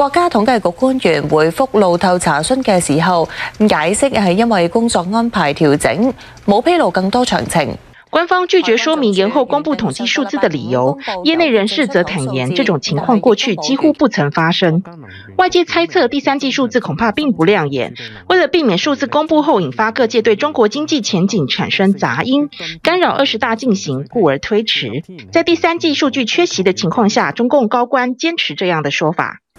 國家統計局官員回覆路透查詢嘅時候，解釋係因為工作安排調整，冇披露更多詳情。官方拒絕說明延後公布統計數字的理由。業內人士則坦言，這種情況過去幾乎不曾發生。外界猜測第三季數字恐怕並不亮眼。為了避免數字公布後引發各界對中國經濟前景產生雜音，干擾二十大進行，故而推遲。在第三季數據缺席的情況下，中共高官堅持這樣的說法。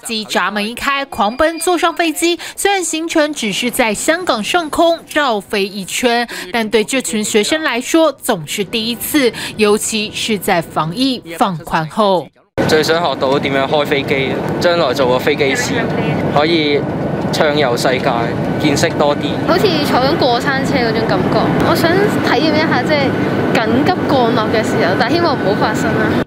閘門一開，狂奔坐上飛機。雖然行程只是在香港上空繞飛一圈，但對這群學生來說，總是第一次，尤其是在防疫放寬後。最想學到點樣開飛機，將來做個飛機師，可以暢遊世界，見識多啲。好似坐緊過山車嗰種感覺，我想體驗一下即係緊急降落嘅時候，但希望唔好發生啦。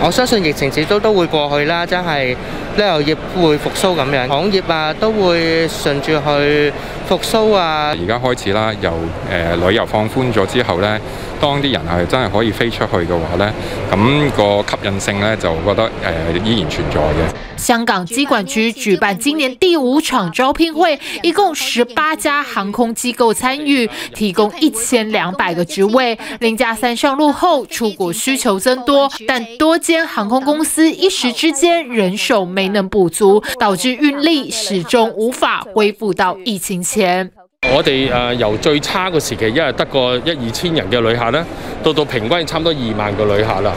我相信疫情始終都會過去啦，真係旅遊業會復甦咁樣，行業啊都會順住去復甦啊。而家開始啦，由誒旅遊放寬咗之後呢，當啲人係真係可以飛出去嘅話呢，咁個吸引性呢就覺得誒依然存在嘅。香港機管局舉辦今年第五場招聘會，一共十八家航空機構參與，提供一千兩百個職位。零加三上路後，出國需求增多，但多間航空公司一時之間人手未能補足，導致運力始終無法恢復到疫情前。我哋誒、呃、由最差嘅時期，一日得過一二千人嘅旅客咧，到到平均差唔多二萬個旅客啦。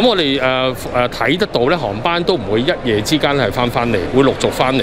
咁我哋誒誒睇得到咧，航班都唔會一夜之間係翻返嚟，會陸續翻嚟。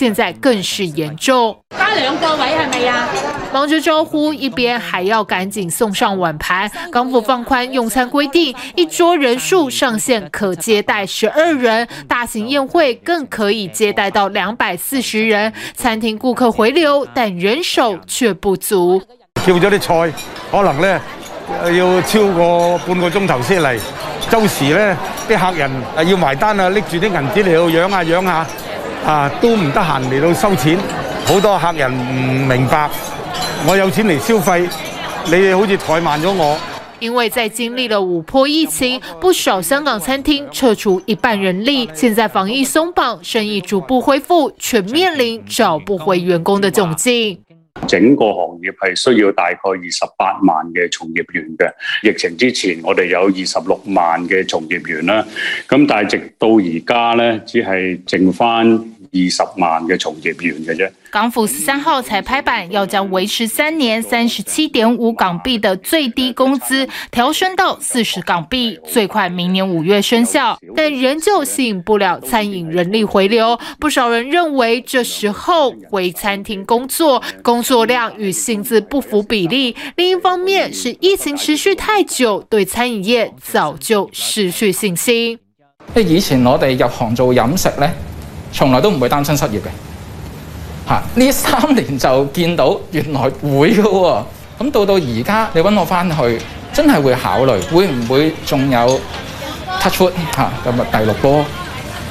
現在更是嚴重。加、啊、兩個位係咪啊？忙着招呼，一邊還要趕緊送上碗盤。港府放寬用餐規定，一桌人數上限可接待十二人，大型宴會更可以接待到兩百四十人。餐廳顧客回流，但人手卻不足。叫咗啲菜，可能咧、呃、要超過半個鐘頭先嚟。周時咧，啲客人啊要埋單啊，拎住啲銀紙嚟度養下養下。啊！都唔得閒嚟到收錢，好多客人唔明白，我有錢嚟消費，你哋好似怠慢咗我。因為在經歷了五波疫情，不少香港餐廳撤除一半人力，現在防疫鬆綁，生意逐步恢復，全面臨找不回員工的窘境。整個行業係需要大概二十八萬嘅從業員嘅，疫情之前我哋有二十六萬嘅從業員啦，咁但係直到而家咧，只係剩翻二十萬嘅從業員嘅啫。港府十三號才拍板，要將維持三年三十七點五港幣的最低工資調升到四十港幣，最快明年五月生效，但仍舊吸引不了餐飲人力回流。不少人認為，這時候回餐廳工作，工作量與薪資不符比例。另一方面，是疫情持續太久，對餐飲業早就失去信心。以前我哋入行做飲食呢。從來都不會擔心失業的。這三年就見到原來會的。那到到現在你找我回去真的會考慮會不會還有 touch wood, 第六波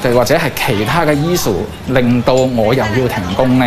或者是其他的因素令到我又要停工呢？